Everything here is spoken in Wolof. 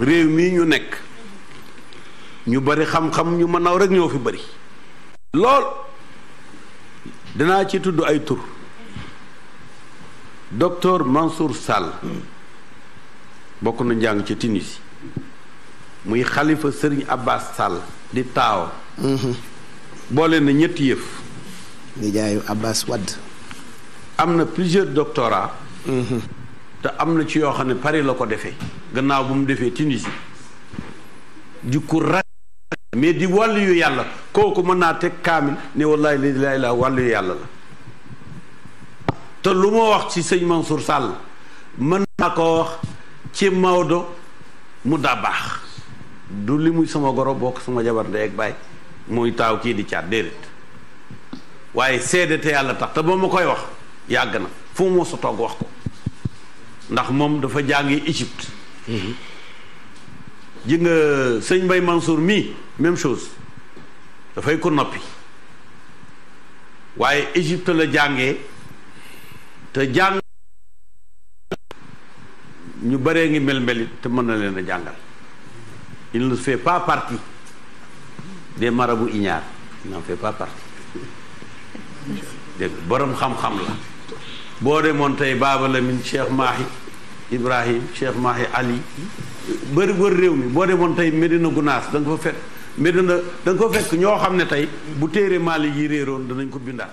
réew mii ñu nekk ñu bari xam-xam ñu ma naw rek ñoo fi bari lool dinaa ci tudd ay tur docteur Mansour Sall bokk na njàng ci Tunisie muy xalifa sëriñ Abbas Sall di taaw mhm. boole na ñetti yëf nijaayu Abbas Wadd am na plusieurs doctorats mhm. te am na ci yoo xam ne pare la ko defee gannaaw bu mu defee Tunisie ku rag mais di wàll yu yàlla kooku mën naa teg kaamil ne wallahi li lay la wàll yu yàlla la te lu ma wax ci sëñ Mansour sàll mën naa ko wax ci Maodo mu daa baax du li muy sama goro bokk sama jabar ndey ak baay muy taaw kii di caat déedéet waaye seede yàlla tax te ba ma koy wax yàgg na fu mu mos wax ko ndax moom dafa jàngi Égypte mhm. ji sëñ Mbaye Mansour mii même chose dafay ko noppi waaye Égypte la jàngee te jàng ñu bëree ngi mel-meli te mën na leen a jàngal il ne fait pas partie des marabouts ignares il n'en xam-xam la boo demoon tey Baaba Lamin Cheikh Ibrahim Cheikh Mahi Ali bëri wër réew mi boo demoon tey Medina Gunaas da nga fa fekk Medina da nga fa fekk ñoo xam ne tey bu téere Maalik yi réeroon danañ ko bindaat